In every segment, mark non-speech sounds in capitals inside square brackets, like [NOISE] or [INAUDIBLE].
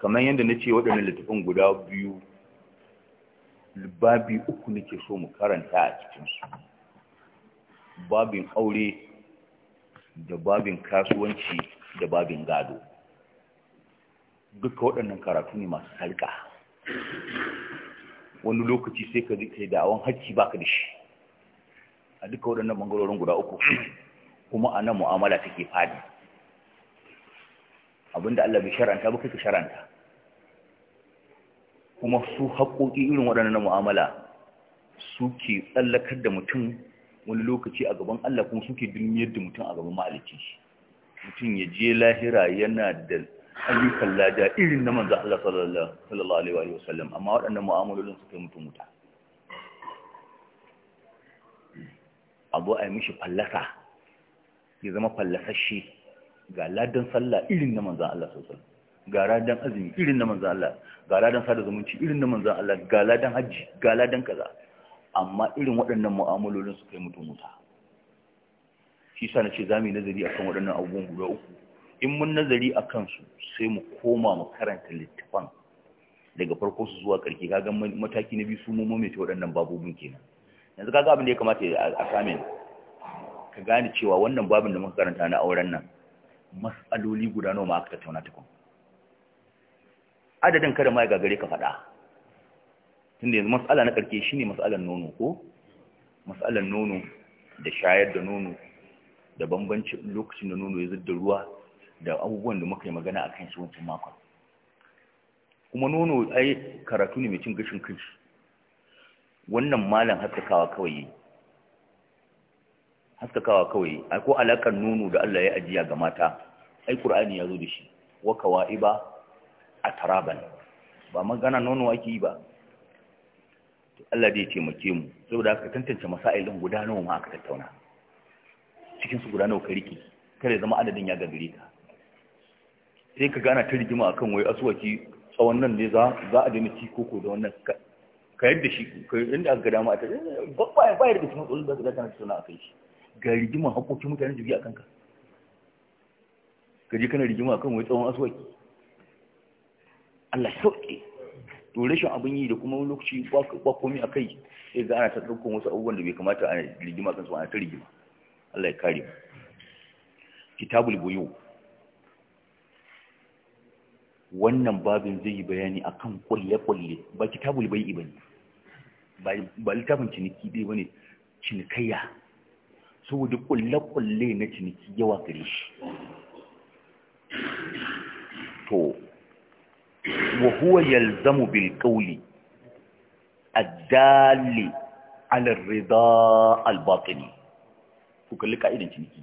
kamar yadda na ce waɗannan littafin guda biyu babi uku nake so mu karanta a cikinsu babin aure da babin kasuwanci da babin gado duka waɗannan karatu ne masu sarƙa wani lokaci sai ka kai da awon hakki baka da shi a duka waɗannan bangarorin guda uku kuma a nan mu'amala take fadi abinda Allah bai sharanta ba ka sharanta kuma su haƙoƙi irin waɗannan mu'amala suke tsallakar da mutum wani lokaci a gaban Allah kuma suke dulmiyar da mutum a gaban maliki mutum ya je lahira yana da ayyukan lada irin na manzo Allah sallallahu alaihi wa sallam amma waɗannan mu'amalolin suke mutum muta abu a yi mishi fallasa ya zama fallasasshe. ga ladan sallah irin na manzan Allah sosai ga ladan azumi irin na manzan Allah ga ladan sada zumunci irin na manzan Allah ga ladan hajji ga ladan kaza amma irin waɗannan mu'amalolin su kai mutum muta shi sa na ce za mu yi nazari akan waɗannan abubuwan guda uku in mun nazari a kansu sai mu koma mu karanta littafan daga farko su zuwa ƙarfi kaga mataki na biyu su mu mamaye waɗannan babobin kenan yanzu kaga abin da ya kamata a same ka gane cewa wannan babin da muka karanta na auren nan Matsaloli guda nawa ma aka tattauna tukun adadin kada ma ya gagare ka faɗa tunda yanzu matsala na ƙarke shine mas'alan nono ko mas'alan nono da shayar da nono da bambanci lokacin da nono ya da ruwa da abubuwan da muka yi magana a kan shi makon kuma nono ai karatu ne mai cin gashin kanshi wannan malam haskakawa kawai yi. haskakawa kawai ai ko alakar nunu da Allah ya ajiya ga mata ai qur'ani ya zo da shi wa kawaiba ataraban ba magana nono ake yi ba to Allah zai taimake mu saboda haka tantance masailin guda nawa ma aka tattauna cikin su guda nawa ka rike kare zama adadin ya gagare ka sai ka gana ta rigima akan wai asuwaci tsawon nan ne za a daina ci koko da wannan ka yadda shi ka yadda aka gada ma a ta eh, ba ya bayar da cikin tsoron da ka gana tattauna a kai shi ga rigima haƙoƙin mutane jirgi a kanka ka je kana rigima akan wai tsawon aswaki Allah sauke to rashin abin yi da kuma wani lokaci ba komai a kai sai ga ana ta ɗaukar wasu abubuwan da bai kamata a rigima kan su ana ta rigima Allah ya kare mu kitabul buyu wannan babin zai yi bayani akan ƙwalle-ƙwalle ba kitabul bai'i bane ba littafin ciniki ba ne, cinikayya saboda kulle-kulle na ciniki yawa gare shi to wa huwa yalzamu bil qawli addali ala ar al-batini ku kalli ka'idan ciniki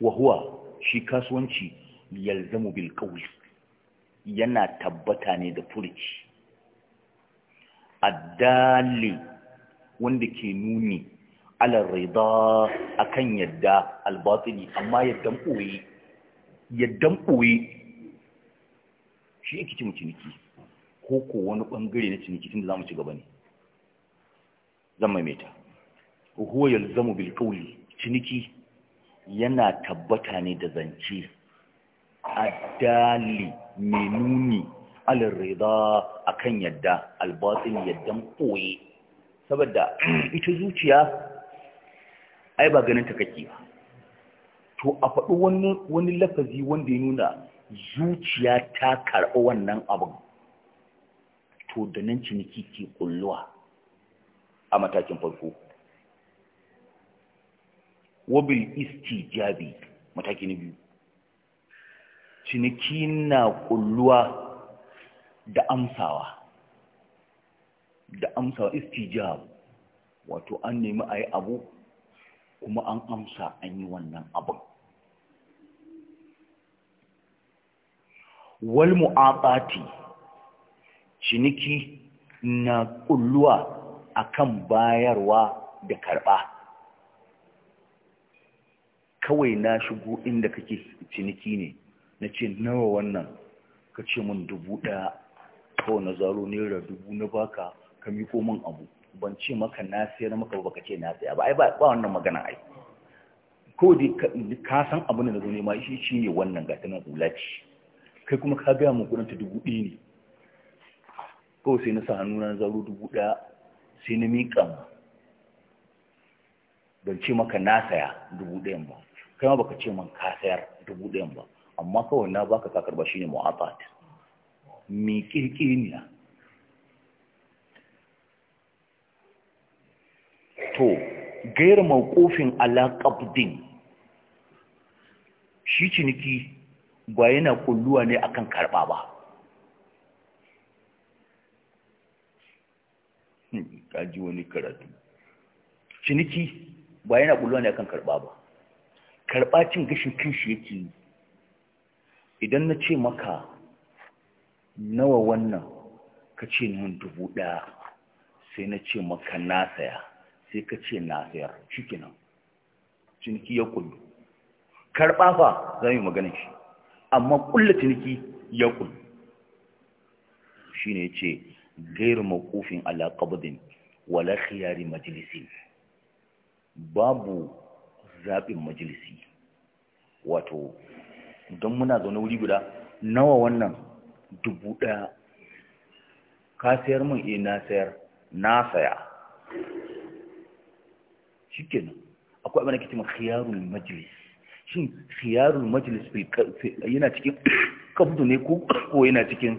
wa huwa shi kasuwanci yalzamu bil qawli yana tabbata ne da furuci addali wanda ke nuni ala rida akan yadda albatini amma yaddan ɓoye yaddan ɓoye shi yake ci mu ciniki ko ko wani ɓangare na ciniki tun da za mu ci gaba ne zan maimaita huwa yalzamu bil qawli ciniki yana tabbata ne da zance adali mai nuni alin rida akan yadda albatini yaddan ɓoye saboda [CLEARS THROAT] ita zuciya ai ba ganin ta kake ba to a faɗi wani wani lafazi wanda ya nuna zuciya ta karɓi wannan abin to da nan ciniki ke kulluwa a matakin farko wabil jabi mataki na biyu ciniki na kulluwa da amsawa da amsa istijab wato an nemi ayi abu kuma an amsa an yi wannan abin wal mu'aqati ciniki na kulluwa akan bayarwa da karba kawai na shigo inda kake ciniki ne na ce nawa wannan ka ce min dubu ɗaya kawai na zaro naira dubu na baka ka miko min abu ban ce maka na sayar maka ba ka ce na saya ba ai ba wannan magana ai ko dai ka san abin da zo ma shi shi ne wannan ga tana ulaci ce kai kuma ka gaya mu kudin ta dubu ɗaya ne ko sai na sa hannu na zaro dubu ɗaya sai na miƙa mu ban ce maka na saya dubu ɗayan ba kai ma baka ce man ka sayar dubu ɗayan ba amma kawai na baka ka karba shine mu'afat mi kirkiriya to gairu mawqufin ala qabdin shi ciniki ba yana kulluwa ne akan karba ba hmm, ka wani karatu ciniki ba yana kulluwa ne akan karba ba karba cin gashin kanshi yake yi idan na ce maka nawa wannan ka ce min dubu ɗaya sai na ce maka na saya sai ka ce na sayar shi nan. ciniki ya kullu karɓa fa za mu magana shi amma kulla ciniki ya kullu shi ne ce gairu makofin alaƙabudin wala khiyari majalisi babu zaɓin majalisi wato don muna zaune wuri guda nawa wannan dubu ɗaya ka sayar min e eh, na sayar na saya shikenan akwai abin da ke cewa khiyarul majlis shin khiyarul majlis yana cikin [COUGHS] kabdu ne ko ko yana cikin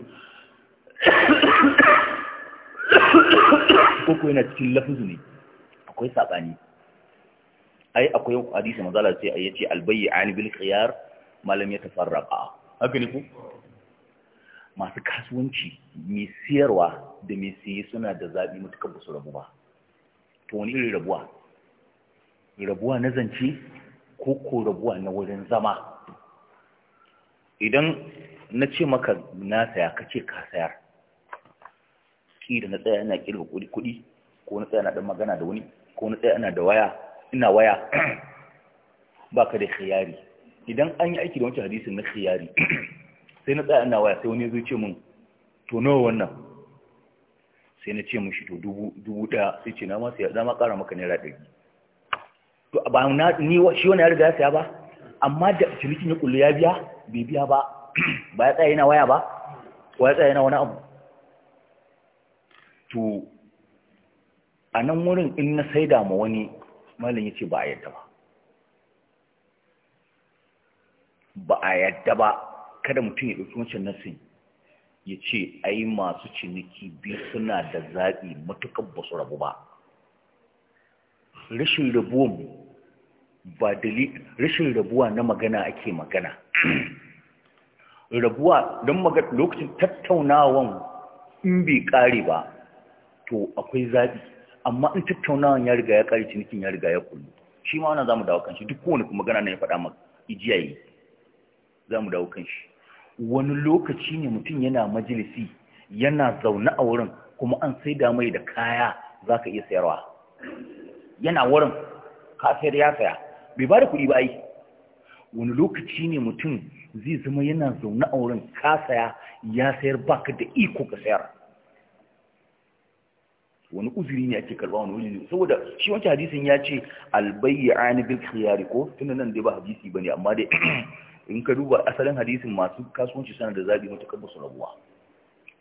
[COUGHS] ko ko yana cikin lafzu ne akwai sabani ai akwai hadisi manzala sai ai yace albay'an bil khiyar malam yatafarraqa haka ne ko masu kasuwanci mai siyarwa da mai siye suna da zabi mutukan ba su rabu ba to wani irin rabuwa rabuwa na zance ko ko rabuwa na wurin zama idan na ce maka na saya ka ce ka sayar ƙila na tsaya ina ƙirga kuɗi ko na tsaya na ɗan magana da wani ko na tsaya ina da waya ina waya [CLEARS THROAT] ba ka da khiyari idan an yi aiki da wancan hadisin na khiyari [CLEARS THROAT] sai na tsaya ina waya sai wani zai ce min to nawa wannan sai na ce min shi to dubu ɗaya sai ce na ma sai ma ƙara maka naira ɗari to ba na ni shi wani ya riga ya saya ba amma da tunikin ya kullu ya biya bai biya ba [CLEARS THROAT] ba ya tsaya yana waya ba ko ya tsaya yana wani abu to a nan wurin in na saida ma wani malin ya ce ba a yadda ba ba a yadda ba kada mutum ya ɗauki wancan nasin ya ce ai masu ciniki biyu suna da zaɓi matuƙar ba su rabu ba rashin rabuwan ba dalilin rashin rabuwa na magana ake magana rabuwa don lokacin tattaunawan in bai kare ba to akwai zaɓi amma in tattaunawan ya riga ya kare cinikin ya riga ya kullu shi ma wannan zamu dawo kanshi duk kowane kuma magana ne ya faɗa maka ijiya yi zamu dawo kanshi wani lokaci ne mutum yana majalisi yana zaune a wurin kuma an sai da mai da kaya zaka iya sayarwa yana wurin kafir ya saya bai ba da kuɗi ba ai wani lokaci ne mutum zai zama yana zaune a wurin ka saya ya sayar baka da iko ka sayar wani uzuri ne ake karba wani wuri saboda shi wancan hadisin ya ce albayyani bil khiyari ko tunda nan dai ba hadisi bane amma dai [CLEARS THROAT] in ka duba asalin hadisin masu kasuwanci sana da zabi mutakar rabuwa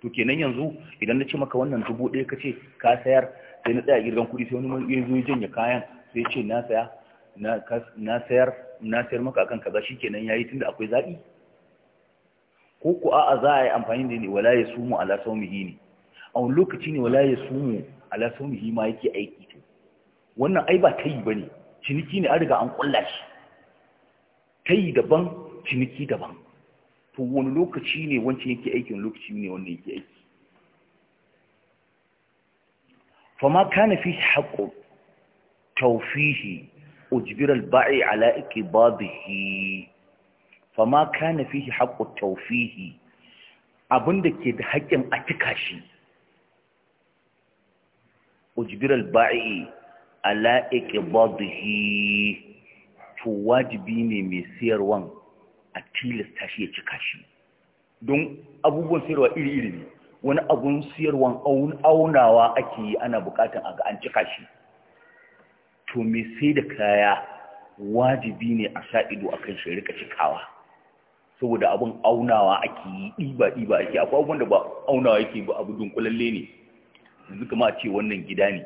to kenan yanzu idan na ce maka wannan dubu ɗaya ka ce ka sayar sai na tsaya girgan kuɗi sai wani man iya zuwa janye kayan sai ce na saya na sayar na sayar maka akan kaza kenan yayi tunda akwai zaɓi? ko ku a'a za a yi amfani da ni wala ya sumu ala saumihi ne a wani lokaci ne wala ya sumu ala saumihi ma yake aiki to wannan ai ba tayi ne, ciniki ne an riga an kulla shi tayi daban ciniki daban to wani lokaci ne wancan yake aiki wani lokaci ne wannan yake aiki فما كان فيه حق توفيه أجبر البائع على إقباضه فما كان فيه حق توفيه abinda ke da haƙƙin a cika shi ujbiral ba'i ala iqbadihi to wajibi ne mai siyarwan a tilasta shi ya cika shi don abubuwan sayarwa iri-iri ne wani abun sayarwan aunawa ake yi ana bukatan a ga an cika shi to me sai da kaya wajibi ne a sa ido a kan shi rika cikawa saboda abun aunawa ake yi diba-diba ake akwai abubuwan da ba aunawa yake ba abu dunkulalle ne yanzu kama a ce wannan gida ne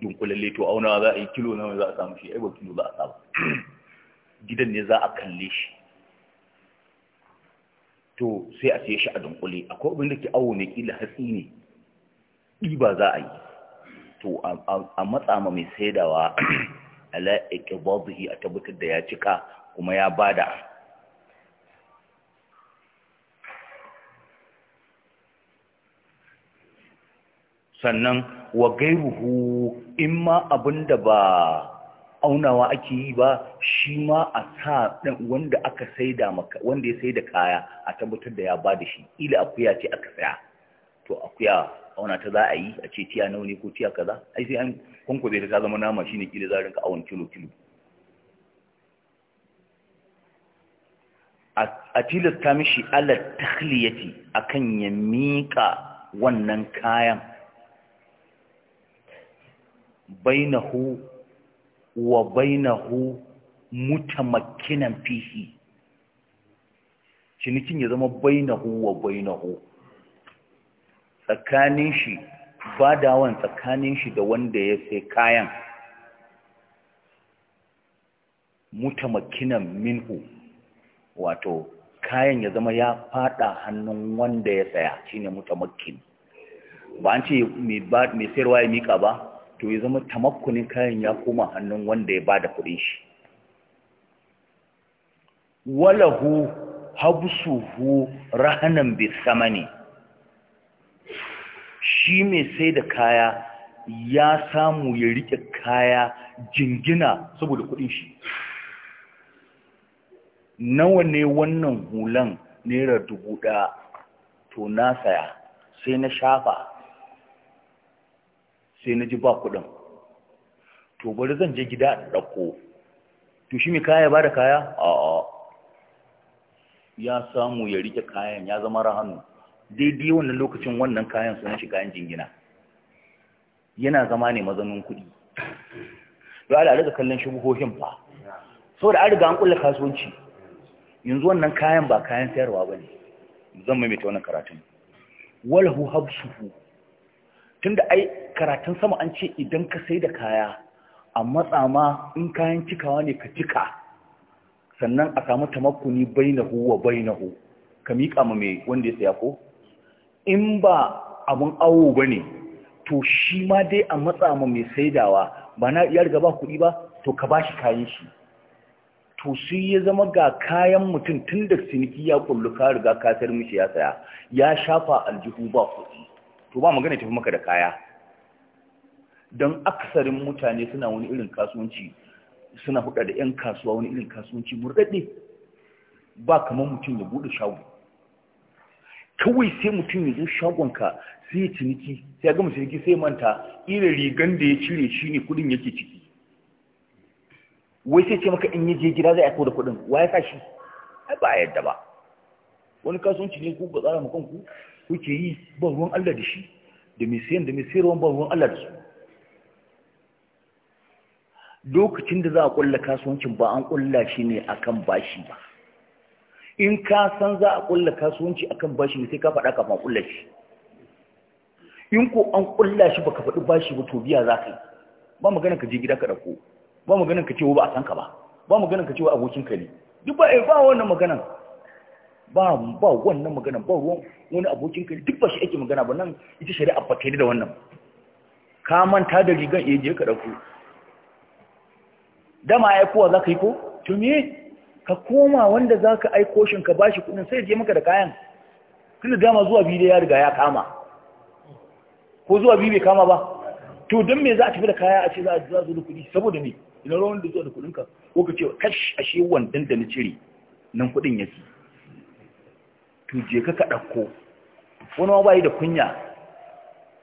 dunkulalle to aunawa za a yi kilo nawa za a samu shi ai ba kilo za a samu [CLEARS THROAT] gidan ne za a kalle shi to sai a siye shi a dunkule akwai abin da ke awo ne kila hatsi ne ɗiba za a yi to a matsa ma mai saidawa [CLEARS THROAT] ala iqbadhi a tabbatar da ya cika kuma ya bada sannan wa gairuhu abin da ba aunawa ake yi ba shi ma a sa wanda aka saida maka wanda ya saida kaya a tabbatar da ya ba da shi ila akuya ce aka saya to akuya auna ta za a yi a ce tiya nauni ko tiya kaza ai sai an kwankwaze ta ta zama nama shine kila za rinka awon kilo kilo a tilasta mishi ala takhliyati akan ya mika wannan kayan bainahu wa bainahu mutamakkinan fihi cinikin ya zama bainahu wa bainahu tsakanin shi badawan tsakanin shi da wanda ya sai kayan mutamakinan minhu wato kayan ya zama ya fada hannun wanda ya saya shine mutamakin ba an ce mai sayarwa ya mika ba to ya zama tamakkunin kayan ya koma hannun wanda ya bada kuɗin shi walahu habsuhu rahanan samani shi mai sai da kaya ya samu ya rike kaya jingina saboda kuɗin shi nawa ne wannan hulan naira dubu ɗaya to na saya sai na shafa sai na ji ba kuɗin to bari zan je gida a ɗauko to shi mai kaya ba da kaya a ya samu ya rike kayan ya zama rahanu daidai wannan lokacin wannan kayan sun shi kayan jingina yana zama ne mazanin kuɗi da ala daga kallon shubuhohin ba sau da an riga an kasuwanci yanzu wannan kayan ba kayan sayarwa ba ne zan maimaita wannan karatun walhu habsuhu tunda ai karatun sama an ce idan ka sai da kaya a matsa ma in kayan cikawa ne ka cika sannan a samu makuni, bainahu wa bainahu ka miƙa ma mai wanda ya saya ko in ba abin awo ba ne, to shi ma dai a matsa ma mai saidawa ba na ya riga ba kuɗi ba to ka bashi kayan shi to su ya zama ga kayan mutum tun da siniki ya kullu ka riga ka sayar mishi ya saya ya shafa aljihu ba kuɗi to ba magana tafi maka da kaya don aksarin mutane suna wani irin kasuwanci suna huda da 'yan kasuwa wani irin kasuwanci murɗaɗe ba kamar mutum ya buɗe shago kawai sai mutum ya zo shagonka sai ya ciniki sai ya gama ciniki sai manta irin rigan da ya cire shi ne kudin yake ciki wai sai ce maka in ya je gida zai aiko da kudin wa ya kashi ai ba a yadda ba wani kasuwanci ne ku ba tsara ma kanku kuke yi ba ruwan Allah da shi da mai siyan da mai siyarwan ba ruwan Allah da su lokacin da za a kulla kasuwancin ba an kulla shi ne akan bashi ba in ka san za a kulla kasuwanci akan bashi ne sai ka faɗa kafin kulla shi in ko an kulla shi baka faɗi bashi ba to biya za ka yi ba magana ka je gida ka ɗauko ba magana ka ce ba a san ka ba ba magana ka ce wa abokin ka ne duk ba eh, ba wannan maganan ba ba wannan magana ba ruwan wani abokin ka duk ba shi ake magana ba nan ita shari'a ba ta da wannan ka manta da rigan eh je ka dauko dama ya kowa zaka yi ko to me ka koma wanda zaka aiko shin ka bashi kudin sai je maka da kayan da dama zuwa biyu ya riga ya kama ko zuwa biyu bai kama ba to don me za a tafi da kaya a ce za a zo da kudi saboda me ina rawan da zuwa da ka ko ka ce kash ashe wannan da na cire nan kudin yake to je ka ɗauko wani ma bayi da kunya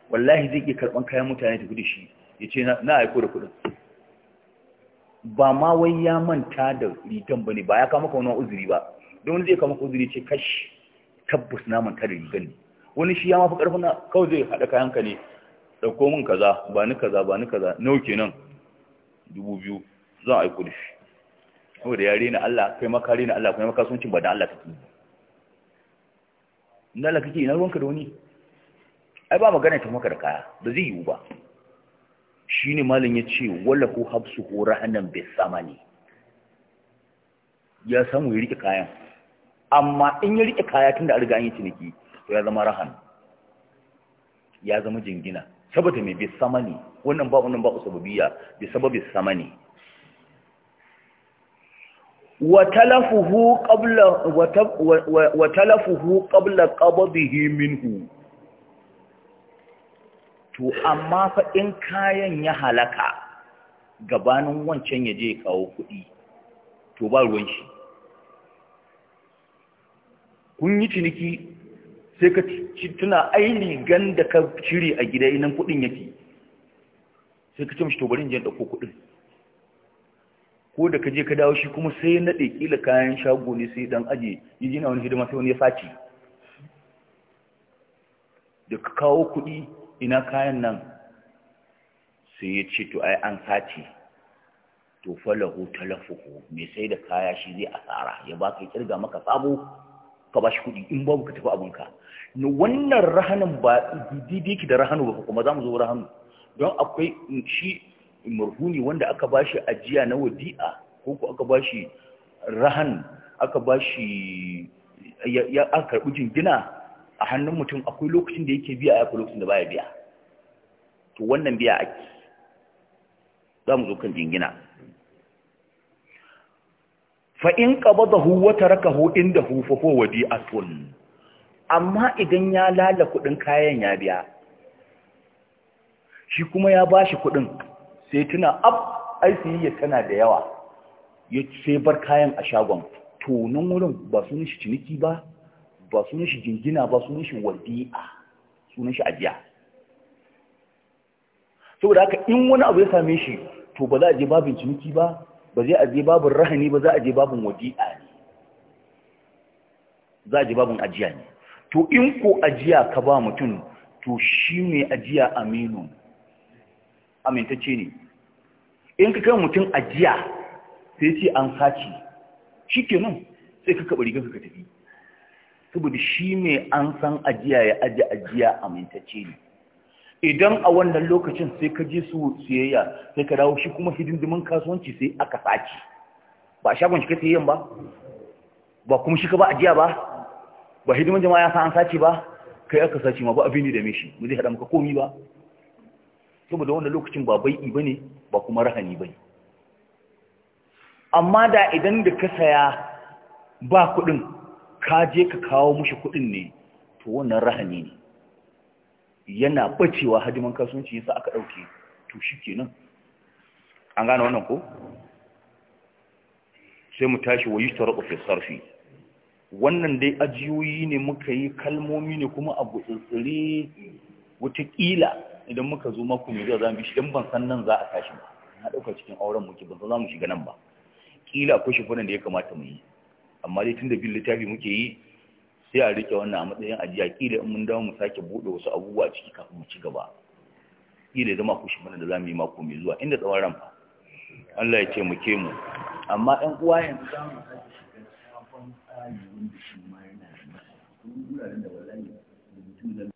wallahi zai ke karban kayan mutane da da shi ya ce na aiko da kudin ba ma wai ya manta da rigan ba ne ba ya kama ka wani uzuri ba don wani zai kama ka uzuri ce kash tabbas na manta da rigan ne wani shi ya mafi ƙarfin na kawai zai haɗa kayan ka ne ɗauko min kaza ba ni kaza ba ni kaza nawa kenan dubu biyu zan aiko da shi saboda ya rena Allah kai maka rena Allah kuma makasuncin ba da Allah take na la kake ina ruwanka da wani ai ba magana ta maka da kaya ba zai yiwu ba shine malam ya ce wala ko habsu ko rahanan bai samani ya samu ya rike kayan amma in ya rike kaya tunda a riga an yi ciniki to ya zama rahan ya zama jingina saboda mai bai samani wannan ba nan ba sababiya bai sababi samani watalafuhu ƙabla ƙababihi minhu to amma fa in kayan ya halaka gabanin wancan ya je kawo kuɗi to ba ruwan shi kun yi ciniki sai ka tuna aini ganda da ka cire a gida inan kuɗin yake sai ka ce mashi to bari in je ɗauko kuɗin ko da ka je ka dawo shi kuma sai naɗe ƙila kayan shago ne sai dan aje yi jina wani hidima sai wani ya sace da ka kawo kuɗi ina kayan nan sai ya ce to ai an sace to falahu talafuhu mai sai da kaya shi zai asara ya baka kirga maka sabo ka bashi kuɗi in babu ka tafi abinka na wannan rahanin ba didi ki da rahanu ba kuma za mu zo rahanu don akwai shi marhuni wanda aka bashi ajiya na wadi'a ko ko aka bashi rahan aka bashi ya aka karbi jingina a hannun mutum akwai lokacin da yake biya akwai lokacin da baya biya to wannan biya ake za mu zo kan jingina fa in qabadahu wa tarakahu indahu fa huwa wadi'atun amma idan ya lala kudin kayan ya biya shi kuma ya bashi kudin sai tuna ab ai tana da yawa ya ce bar kayan a shagon to nan wurin ba sunan shi ciniki ba ba sunan shi jingina ba sunan shi wadi'a sunan shi ajiya saboda haka in wani abu ya same shi to ba za a je babin ciniki ba ba zai a je babin rahani ba za a je babin wadi'a ne za a je babin ajiya ne to in ko ajiya ka ba mutum to shi mai ajiya aminu amintacce ne in ka kai mutum ajiya sai ce an sace shi ke nan sai ka kaɓa rigar ka tafi saboda shi ne an san ajiya ya aji ajiya amintacce ne idan a wannan lokacin sai ka je su siyayya sai ka dawo shi kuma hidindimin kasuwanci sai aka sace ba shagon shi ka siyayyan ba ba kuma shi ka ba ajiya ba ba hidimin jama'a ya san an sace ba kai aka sace ma ba abin da mishi shi mu zai haɗa maka komi ba saboda wannan lokacin ba bai'i bane ba kuma rahani bane amma da idan da ka saya ba kuɗin ka je ka kawo mushi kuɗin ne to wannan rahani ne yana bacewa hadiman kasuwanci yasa aka dauke to shi an gane wannan ko sai mu tashi wa yushtar fi sarfi wannan dai ajiyoyi ne muka yi kalmomi ne kuma abu wata wataƙila idan muka zo mako mai zuwa za mu shiga ban san nan za a tashi ba na dauka cikin auren muke ban san za mu shiga nan ba kila akwai shimfiɗan da ya kamata mu yi amma dai tun da bin littafi muke yi sai a rike wannan a matsayin ajiya kila in mun dawo mu sake buɗe wasu abubuwa ciki kafin mu ci gaba kila zama ku shimfiɗan da za mu yi mako mai zuwa inda tsawon ran fa Allah ya ce mu ke mu. amma ɗan uwa yanzu za mu sake shiga sabon tsari wanda shi ma yana da wuraren da wallahi da mutum